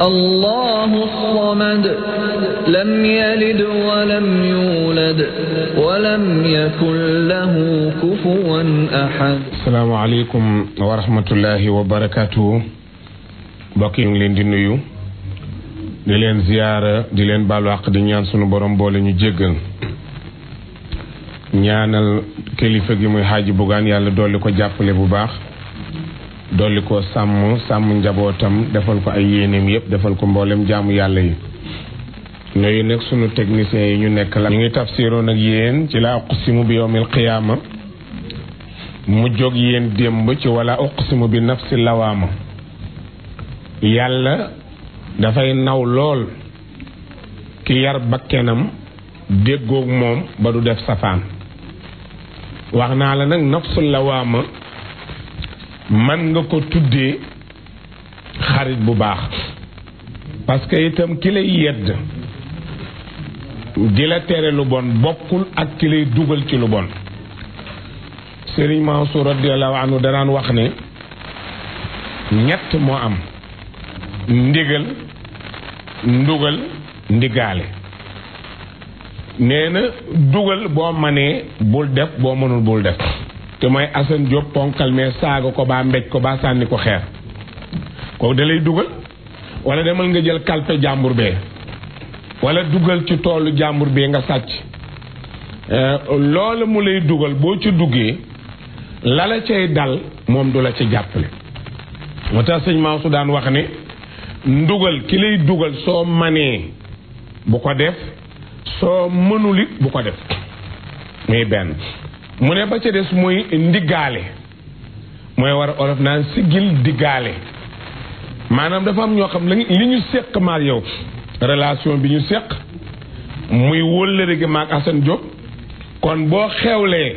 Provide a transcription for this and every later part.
الله الصمد لم يلد ولم يولد ولم يكن له كفوا أحد السلام عليكم ورحمة الله وبركاته بقي لين دي نيو di leen ziyaara di leen baalu àq di ñaan sunu borom boole ñu jéggal ñaanal kilifa gi muy xaaji bugaan yàlla dolli ko jàppale bu baax dolli ko sàmm sàmm njabootam defal ko ay yéeneem yëpp defal ko mboolem jaamu yàlla yi yooyu nekk sunu techniciens yi ñu nekk la ñu ngi tafsiroon ak yéen ci laa uqsimu bi yowmil qiyaama mu jóg yéen démb ci wala uqsimu bi nafsi lawaama yàlla dafay naw lool ki yar bakkenam déggoog moom ba du def safaan wax naa la nag nafsu lawaama man nga ko tuddee xarit bu baax parce que itam ki lay yedd di la tere lu bon bokkul ak ki lay dugal ci lu bon sëriñ Mansour radiallahu anhu danaan wax ne ñett moo am ndigal ndugal ndigaale nee na dugal boo manee bul def boo mënul bul def te mooy Assane job ponkal mais saaga ko ba mbej ko ba sànni ko xeer kooku da lay dugal wala demal nga jël kalpe jàmbur bee wala dugal ci toolu jàmbur bee nga sàcc euh, loola mu lay dugal boo ci duggee la la cay dal moom du la ci jàppale moo tax sëñ Mansour daan wax ne ndugal ki lay dugal soo manee bu ko def soo mënulit bu ko def muy benn mu ne ba ca des muy ndiggaale mooy war olof naan siggil diggaale maanaam dafa am ñoo xam li ñu séq maak yow relation bi ñu séq muy wëllëre gi maak Assane Diop kon boo xewlee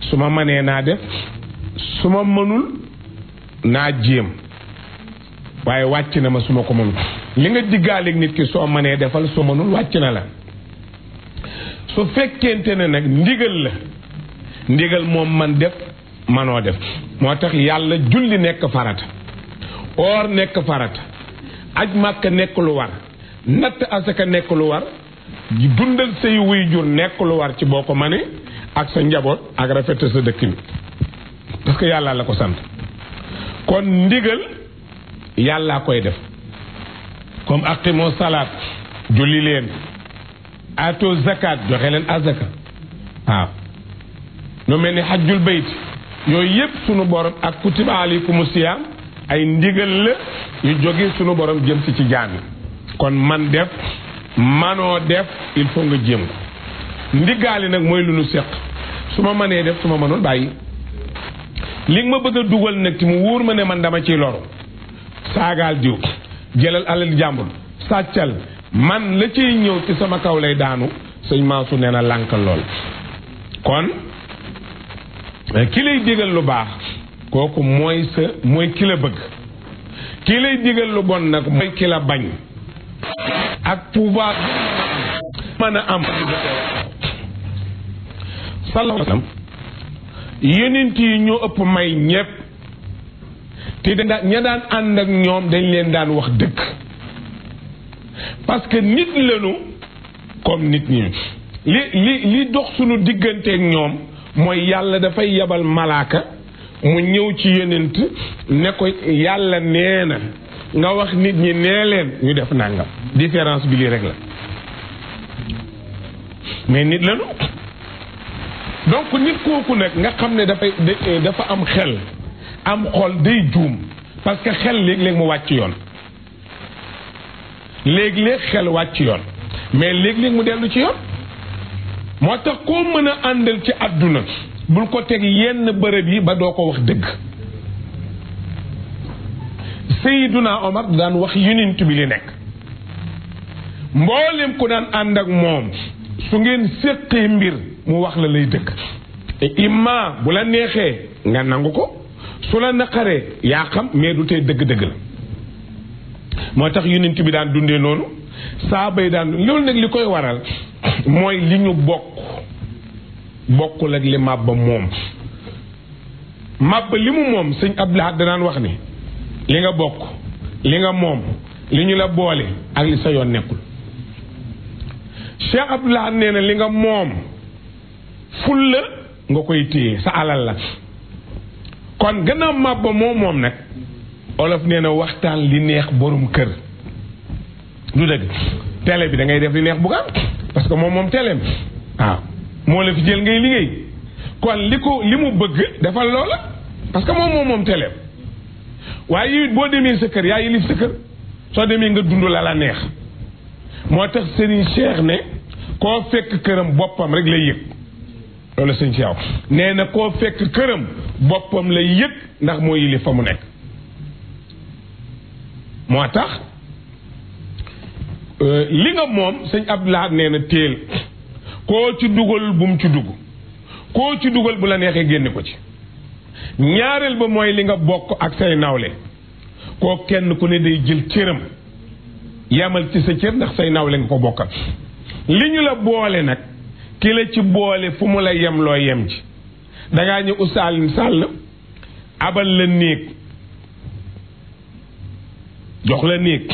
su ma mënee naa def su ma mënul naa jéem waaye wàcc na ma su ma ko mënul li nga diggaaleeg nit ki soo mënee defal soo mënul wàcc na la su fekkente ne nag ndigal la ndigal moom man def manoo def moo tax yàlla julli nekk farata oor nekk farata aj màkka nekk lu war natt asaka nekk war dundal say wuy jur nekk war ci boo ko manee ak sa njaboot ak rafetal sa dëkk bi parce que yàlla la ko sant kon ndigal yàlla koy def comme aqimoo salaat julli leen ato zakat joxe leen azaka waaw ñu mel ni xajjul bayt yooyu yëpp sunu borom ak kutiba aleykumu siyaam ay ndigal la yu jóge sunu borom jëm si ci jaami kon man def manoo def il faut nga jëm ko ndigaali nag mooy lu nu seq su ma mënee def su ma mënul bàyyi li ma bëgg a dugal nag ci mu wóor ma ne man dama ciy lor saagaal diw jëlal alal jàmbur sàccal man la ciy ñëw ci sama kaw lay daanu sëñ Mansour nee na lànkal lool kon ki lay digal lu baax kooku mooy sa mooy ki la bëgg ki lay digal lu bon nag mooy ki la bañ ak pouvoir mën a am sallallahu alayhi yi ñoo ëpp may ñépp te da daan ànd ak ñoom dañ leen daan wax dëkk parce que nit lañu comme nit ñi li li li dox suñu digganteek ñoom mooy yàlla dafay yebal malaaka mu ñëw ci yonent ne ko yàlla nee na nga wax nit ñi nee leen ñu def nàngam différence bi lii rek la mais nit la nu donc nit kooku nag nga xam ne dafay eh, dafa am xel am xol day juum parce que xel léeg-léeg mu wàcc yoon léegi léeg xel wàcc yoon mais léeg-léeg mu dellu ci yoon moo tax koo mën a àndal ci àdduna bul ko teg yenn bërëb yi ba doo ko wax dëgg Seyduna Omar daan wax yonent bi li nekk mboolem ku daan ànd ak moom su ngeen séqee mbir mu wax la lay dëgg imma bu la neexee nga nangu ko su la naqaree yaa xam mais du tey dëgg-dëgg la moo tax yonent bi daan dundee noonu saabay daan loolu nag li koy waral mooy li ñu bokk bokkul ak li màbba moom màbba li mu moom sëñ Abdoulaye danaan wax ni li nga bokk li nga moom li ñu la boole ak li sa yoon nekkul Cheikh Abdoulaye nee na li nga moom ful la nga koy téye sa alal la kon gannaaw màbba moo moom nag olof nee na waxtaan li neex borom kër du dëgg tele bi dangay def li neex bu parce que moom moom teleem waaw ah. moo la fi jël ngay liggéey kon li ko li mu bëgg defal loola parce que moom moom moom teleem waaye yow boo demee sa kër yaa yilif sa kër soo demee nga dund la la neex moo tax Serigne Cheikh ne koo fekk këram boppam rek lay yëg loolu sëñ Cheikh nee na koo fekk këram boppam lay yëg ndax moo yilif fa mu nekk moo tax Euh, li nga moom sëñ Abdoulaye nee na téel koo ci dugal bu mu ci dugg koo ci dugal bu la neexee génne ko ci ñaareel ba mooy li nga bokk ak say nawle koo kenn ku ne day jël cëram yamal ci sa cër ndax say nawle nga ko bokkal li ñu la boole nag ki la ci boole fu mu la yem loo yem ci dangaa ñu usaalin sàll abal la néeg jox la néeg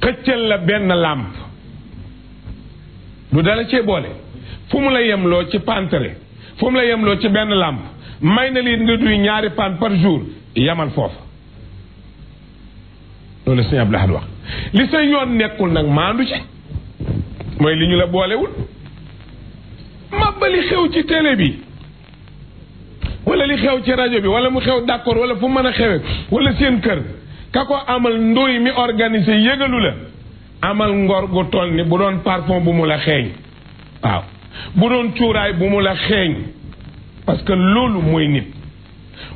xëccal la benn làmp du dala cee boole fu mu la yemloo ci pantere fu mu la yemloo ci benn làmp may na leen nga duy ñaari pan par jour yamal foofa loolu sëñ Abdou Lahad wax li sa yoon nekkul nag maandu ci mooy li ñu la boolewul màbbali xew ci télé bi wala li xew ci rajo bi wala mu xew d'accord wala fu mën a xewe wala seen kër ka ko amal ndoy mi organisé yëgalu la amal ngorgo gu toll ni bu doon parfum bu mu la xeeñ waaw bu doon cuuraay bu mu la xeeñ parce que loolu mooy nit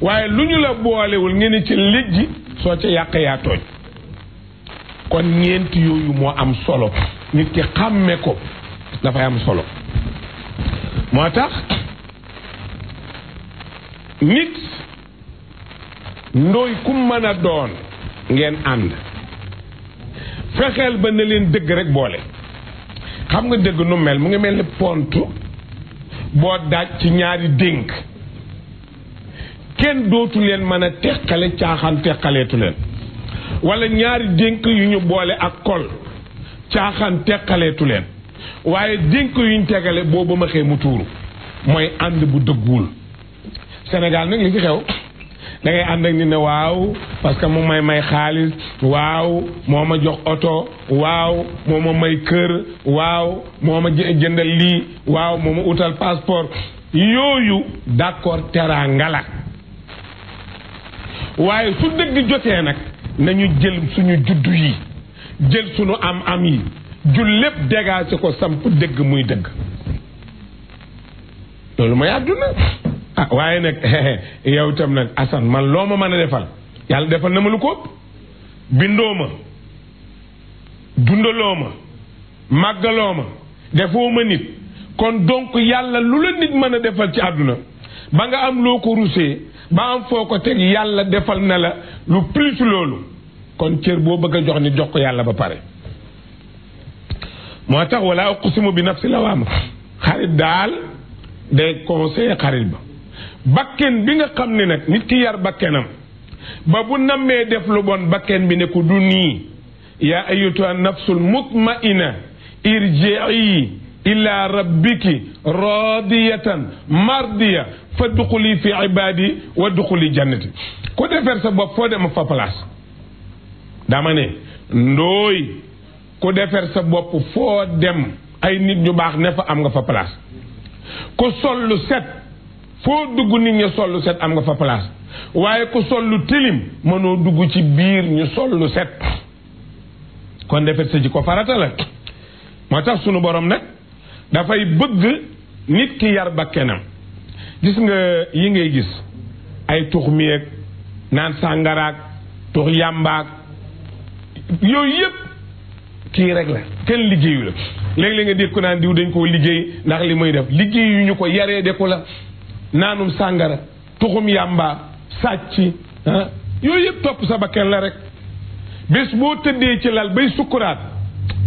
waaye lu ñu la boolewul ngeen ni ci lijji soo ci yàq yaa tooñ kon ñeent yooyu moo am solo nit ci xàmme ko dafay am solo moo tax nit ndooy ku mën a doon ngeen ànd fexeel ba ne leen dëgg rek boole xam nga dëgg nu mel mu ngi mel ni pontu boo daaj ci ñaari dénk kenn dootu leen mën a teqale caaxaan teqaleetu leen wala ñaari dénk yu ñu boole ak kol caaxaan teqaleetu leen waaye dénk yu ñu tegale boobu ma xee mu tuuru mooy ànd bu dëgguwul Sénégal nag li fi xew da ngay ànd ak ni ne waaw parce que moom may may xaalis waaw moo ma jox oto waaw moo ma may kër waaw moo ma jëndal lii waaw moo ma utal passeport yooyu d'accord teraanga la waaye su dëgg jotee nag nañu jël suñu juddu yi jël suñu am-am yi jul lépp dégaase ko samp dëgg muy dëgg loolu mooy àdduna waaye nag yow itam nag man loo ma mën a defal yàlla defal na ma lu ko bindoo ma dundaloo ma màggaloo ma defoo ma nit kon donc yàlla lu la nit mën a defal ci àdduna ba nga am loo ko rusee ba am foo ko teg yàlla defal na la lu plus loolu kon cër boo bëgg a jox nit jox ko yàlla ba pare moo tax wala uqsimu bi nafsi lawaama xarit daal day conseillé xarit ba bakken bi nga xam ne nag nit ki yar bakkenam ba bu nammee def lu bon bakken bi ne ko du nii yaa ayyatuha nafsul mutmaina irji'i ila rabbiki radiyatan mardiya fa duxuli fi ibadi wa duxuli jannati ku defar sa bopp foo dem fa place sa bopp foo dem ay nit ñu baax ne fa am nga fa place ku sol set foo dugg nit ña sollu set am nga fa place waaye ku sollu tilim mënoo dugg ci biir ñu sollu set kon defet sa ji ko farata la moo tax sunu borom nag dafay bëgg nit ki yar bakkenam gis nga yi ngay gis ay tux miyeeg naan sàngaraag tux yàmbaag yooyu yëpp kii rek la kenn liggéeyu la léeg-léeg nga dégg ko naan diw dañ koo liggéey ndax li muy def liggéeyu ñu ko yaree de la naanum sàngara tuxum yàmba sàcc ah yooyu yëpp topp sa bakken la rek bés boo tëddee ci lal bay sukkuraat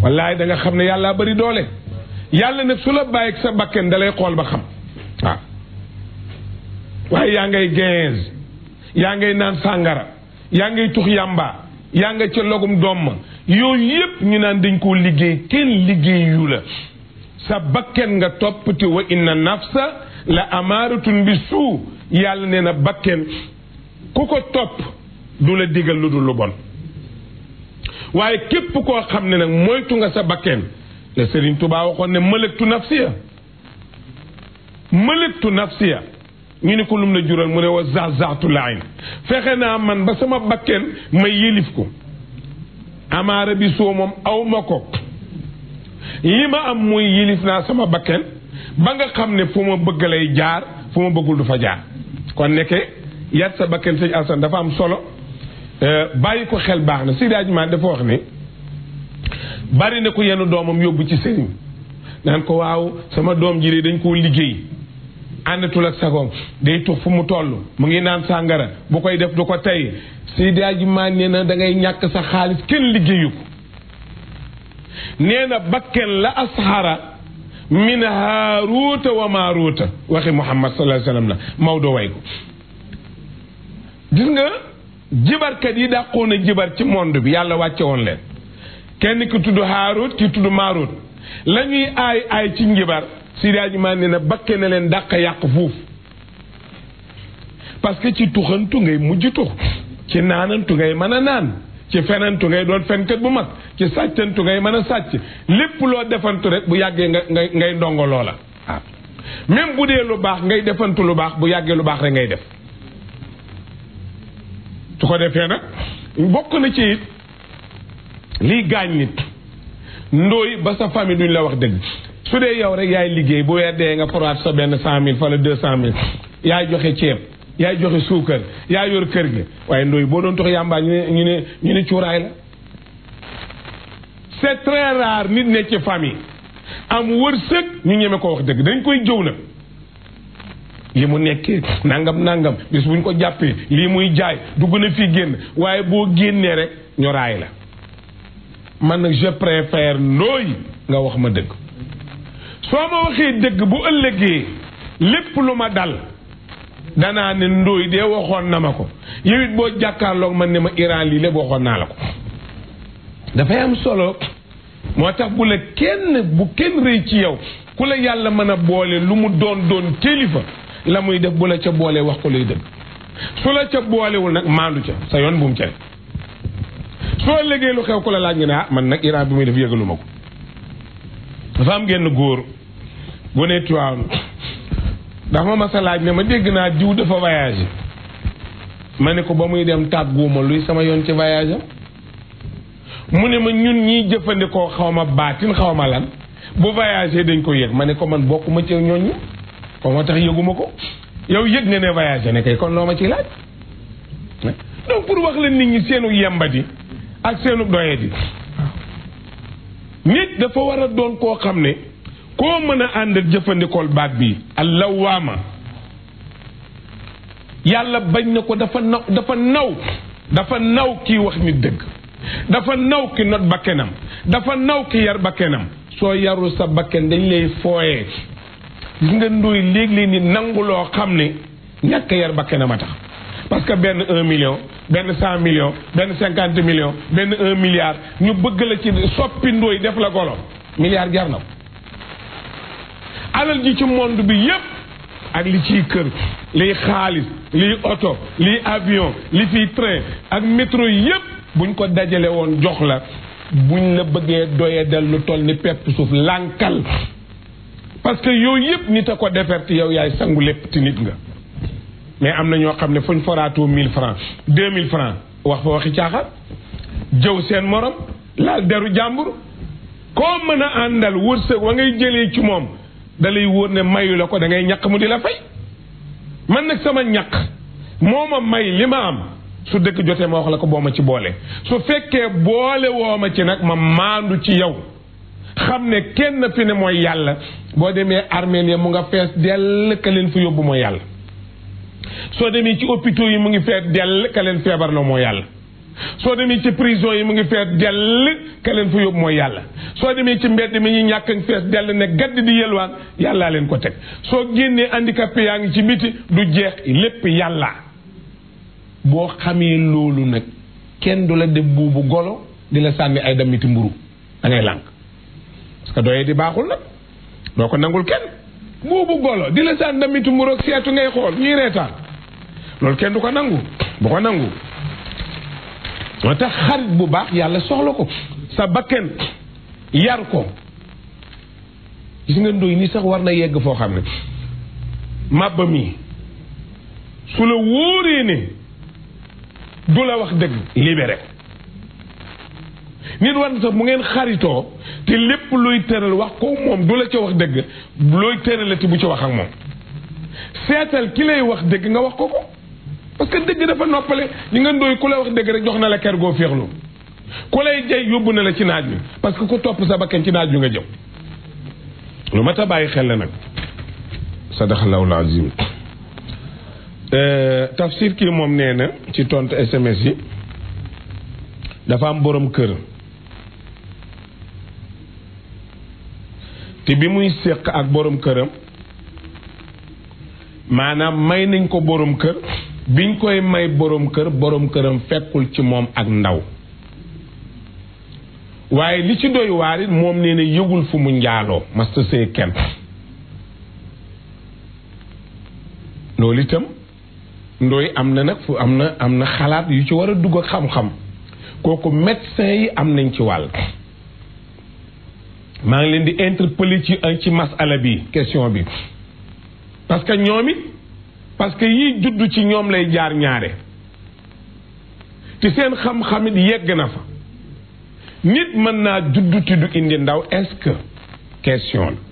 wallaay da xam ne yàlla bari doole yàlla nag su la bàyyi sa bakken dalay xool ba xam waaw ah. waaye yaa ngay gaz yaa ngay naan sàngara yaa ngay tux yàmba yaa nga ca logum doom yooyu yëpp ñu naan dañ koo liggéey kenn liggéey yu la sa bakken nga toppati wa inna nafsa la amaaratun bi suu yàlla nee na bakken ku ko topp du la digal lu dul lu bon waaye képp koo xam ne nag moytu nga sa bakken la Sëriñ Tuubaa waxoon ne mëlëktu nafsiya mëlëktu nafsiya ñu ne ko lum la jural mu ne wa zazaatu fexe naa man ba sama bakken may yëlif ko amaara bi soo moom aw ma ko yi ma am mooy yëlif naa sama bakken ba nga xam ne fu ma bëgg lay jaar fu ma bëggul du fa jaar kon nekke yar sa bakken sëñ Alsan dafa am solo euh, bàyyi ko xel baax na si daajment dafa ne bari na ko yenn doomam yóbbu ci ko waaw sama doom ji dañ koo liggéey àndatul ak mu toll mu ngi naan sàngara bu koy def du ko tey si daajment nee na da ñàkk sa xaalis kenn liggéeyu ko nee na bakken la asxara min haaruuta wa maaruuta waxi muhammad sallallahu alayhi wasallam la Maodo way ko gis nga jibarkat yi dàqoon a jibar ci monde bi yàlla wàcce woon leen kenn ki tudd haaruut ki tudd maaruut la ñuy aay aay ci njibar si daaji maa ne na bakke na leen dàq yàq fuuf parce que ci tuxantu ngay mujj tux ci naanantu ngay mën a naan ci fenantu ngay doon fenkat bu mag ci sàccantu ngay mën a sàcc lépp loo defantu rek bu yàggee nga ngay ngay ndongo loola waaw ah. bu dee lu baax ngay defantu lu baax bu yàggee lu baax rek ngay def su ko defee nag bokk na ci it liy gaañ nit ndóoy ba sa famille duñ la wax dëgg su dee yow rek yaay liggéey bu weer dee nga foraat sa benn cent mille fa la cent mille yaay joxe ceeb yaay joxe suukar yaa yor kër gi waaye ndóoy boo doon tox yàmbaa ñu ne ñu ne ñu ne cuuraay la c'est très rare nit ne ci famille am wërsëg ñu ñeme ko wax dëgg dañ koy jëw nag li mu nekkee nangam nangam bis buñ ko jàppee lii muy jaay dugg na fii génn waaye boo génnee rek ñu la man nag je préfère nooy nga wax ma dëgg soo ma waxee dëgg bu ëllëgee lépp lu ma dal danaa ne ndóoy dee waxoon na ma ko yow boo jàkkaarloog man ne ma Iran lii lépp waxoon naa la ko dafay am solo moo tax bu la kenn bu kenn rëy ci yow ku la yàlla mën a boole lu mu doon doon kilifa la muy def bu la ca boole wax ko lay dëgg su la ca boolewul nag maandu ca sa yoon bu mu ca soo liggéey lu xew ku la laaj nga ne ah man nag Iran bi muy def yëgalu ma ko dafa am genn góor gu ne ndax ma mas a laaj ne ma dégg naa diw dafa voyagé ma ne ko ba muy dem tàgguuma luy sama yoon ci voyage mu ne ma ñun ñiy jëfandikoo xaw ma baatin xaw ma lan bu voyagé dañ ko yëg ma ne ko man bokk ma ci ñooñu ko ma tax yëguma ko yow yëg nga ne voyagé ne kay kon loo ma ciy laaj donc pour wax la nit ñi seenu yembadi ak seenu doyadi nit dafa war a doon koo xam ne koo mën a àndal jëfandikool baat bi allawaama yàlla bañ na ko dafa naw dafa naw dafa naw kii wax nit dëgg dafa naw ki not bakkenam dafa naw ki yar bakkenam soo yarul sa bakken dañ lay fooyee gis nga nduy léeg-léeg nangu loo xam ne ñàkk yar bakkenam a tax parce que benn un million benn cent million benn cinquante million benn un milliard ñu bëgg la ci soppi ndóoy def la golo milliard jar na ko alal ji ci monde bi yépp ak li ciy kër liy xaalis liy oto liy avion li fiy train ak metro yépp buñ ko dajalee woon jox la buñ la bëggee doye dal lu toll ni pepp suuf lànkal parce que yooyu yëpp nit a ko deferte yow yaay sangu lépp ti nit nga mais am na ñoo xam ne fuñ foraatoo mille francs deux mille francs wax fa waxi caaxar jëw seen morom laal deru jàmbur koo mën a àndal wërsëg wa ngay jëlee ci moom dalay wóor ne mayu la ko da ngay ñàkk mu di la fay man nag sama ñàkk moo ma may li ma am su dëkk jotee ma wax la ko boo ma ci boole su fekkee boole woo ma ci nag ma maandu ci yow xam ne kenn fi ne mooy yàlla boo demee armeel ya mu nga fees dell ka leen fu yóbbu mooy yàlla soo demee ci hôpitaux yi mu ngi fees dell ka feebar la mooy yàlla soo demee ci prison yi mu ngi fees dell ka leen fu yóbbu mooy yàlla soo demee ci mbedd mi ñuy ñàkk fees dell ne gadd di yelwaan yàllaa leen ko teg soo génnee handicapé yaa ngi ci biti du jeex lépp yàlla bo xamé loolu nak kèn dula la bubu golo dila sami sànni ay damiti mburu da ngay lank parce que doyé di baxul nak boko nangul kèn bubu golo dila san sànni damiti mburu ak seetu ngay xol ñi reetaan lol kèn du ko nangu bu ko nangu moo xarit bu baax yalla soxla ko sa bakken yar ko gis nga ndoy ni sax war na yegg fo xamne mabami sulu wuri ni du la wax dëgg libéré ko nit war na sax mu ngeen xaritoo te lépp luy tëral wax ko moom du la ca wax dëgg looy tërale te bu ci wax ak moom seetal ki lay wax dëgg nga wax ko ko parce que dëgg dafa noppale li nga ndóoy ku la wax dëgg rek jox na la ker goo féexlu ku lay jay yóbbu na la ci naaj wi parce que ku topp sa bakken ci naaj wi nga jëm lu mat a bàyyi xel la nag sadaxallahu alazim Euh, tafsir kii moom nee na ci tontu SMS yi dafa am boroom kër te bi muy séq ak boroom këram maanaam may nañ ko boroom kër biñ koy may boroom kër boroom këram fekkul ci moom ak ndaw waaye li ci doy waar moom nee na yëgul fu mu njaaloo masta see kenn loolu itam ndooy am na nag fu am na am na xalaat yu ci war a dugg ak xam-xam kooku médecin yi am nañ ci wàll maa ngi leen di interpeller ci euh, ci masala bi question bi parce que ñoom it parce que yiy judd ci ñoom lay jaar ñaare te seen xam-xam yegg na fa nit mën naa judd te du indi ndaw est-ce question la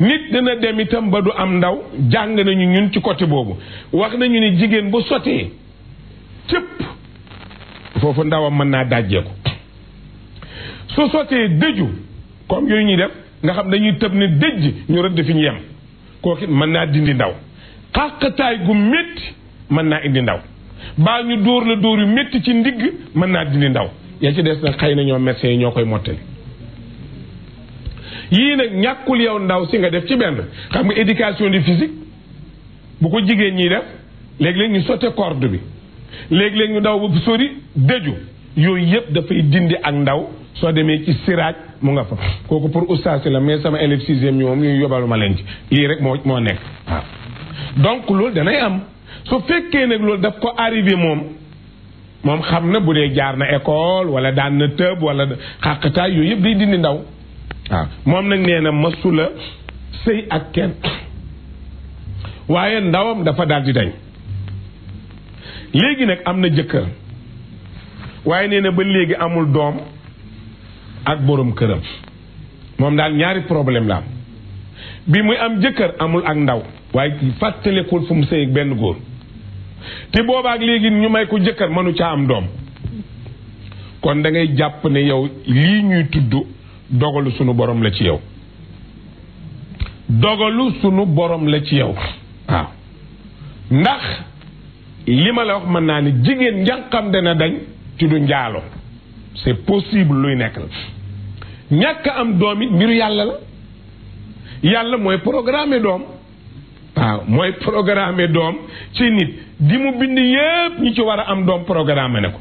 nit dina dem itam ba du am ndaw jàng nañu ñun ci côté boobu wax nañu ni jigéen bu sotee cëpp foofu ndawam mën naa dajjeeku su sotee dëju comme yooyu ñuy def nga xam dañuy tëb ne dëj ñu rëdd fi ñu yem kooku mën naa dindi ndaw xàqtaay gu métti mën naa indi ndaw baa ñu dóor la dóor yu metti ci ndigg mën naa dindi ndaw yaa ci des nag xëy na ñoo médecin yi ñoo koy mottali yii nag ñàkkul yow ndaw si nga def ci benn xam nga éducation du physique bu ko jigéen ñii def léegi léeg ñu sotte corde bi léeg-léeg ñu daw bu sori dëju yooyu yëpp dafay dindi ak ndaw soo demee ci siraaj mu nga fa kooku pour oustaz la mais sama élève sixième ñi moom yobalu ma leen ci lii rek moo moo nekk waaw donc loolu danay am soo fekkee nag loolu daf ko arrivé moom moom xam na bu dee jaar na école wala daan na tëb wala xàqataay yooyu yëpp day dindi ndaw waaw ah. moom nag nee na masula sëy ak kenn waaye ndawam dafa daal dañ léegi nag am na jëkkër waaye nee na ba léegi amul doom ak boroom këram moom daal ñaari problème la am bi muy am jëkkër amul ak ndaw waaye fàttalekul fu mu sëy ak benn góor te boobaak léegi ñu may ko jëkkër mënu caa am doom kon dangay jàpp ne yow lii ñuy tudd dogalu sunu borom la ci yow dogalu sunu borom la ci yow waaw ndax li ma la wax mën naa ni jigéen njànqam dana dañ ci du njaalo c'est possible luy nekk la ñàkk am doom it mbiru yàlla la yàlla mooy programme doom waaw mooy programme doom ci nit di mu bind yépp ñu ci war a am doom programme ne ko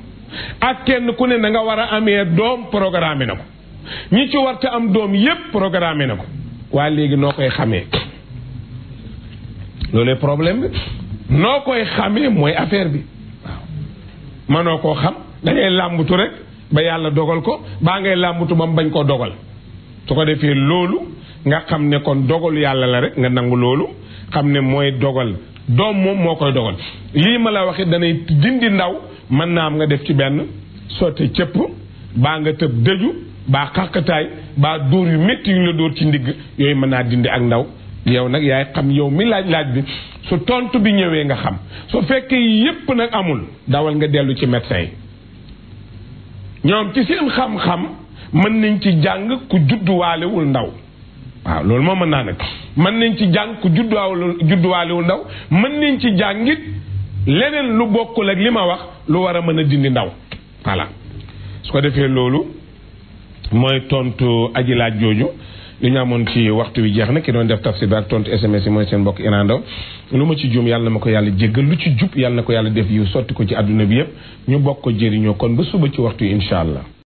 ak kenn ku ne na nga war a amee doom programme na ko ñi ci warta am doom yépp programme na ko waa léegi noo koy xamee loolu problème bi noo koy xamee mooy affaire bi waaw manoo koo xam dangay làmbutu rek ba yàlla dogal ko baa ngay làmbutu ba mu bañ koo dogal su ko defee loolu nga xam ne kon dogalu yàlla la rek nga nangu loolu xam ne mooy dogal doom moom moo koy dogal lii ma la waxee danay dindi ndaw mën naa am nga def ci benn sotti cëpp baa nga tëb dëju baa xàqataay baa dóor yu metti yu la dóor ci ndigg yooyu mën naa dindi ak ndaw yow nag yaay xam yow mi laaj laaj bi su tontu bi ñëwee nga xam su fekkee yépp nag amul dawal nga dellu ci médecin yi ñoom ci seen xam-xam mën nañ ci jàng ku judduwaalewul ndaw waaw loolu moo mën naa nag mën nañ ci jàng ku judduwaale ndaw mën nañ ci jàngit leneen lu bokkul ak li ma wax lu war a mën a dindi ndaw voilà su ko defee loolu mooy tontu aji laaj jooju lu ñu amoon ci waxtu wi jeex na ki doon def tafsir bi ak tontu SMS yi mooy seen mbokk Iran lu ma ci juum yàlla na ma ko yàlla jéggal lu ci jub yàlla na ko yàlla def yu sotti ko ci àdduna bi yëpp ñu bokk ko jëriñoo kon ba suba ci waxtu yi incha allah.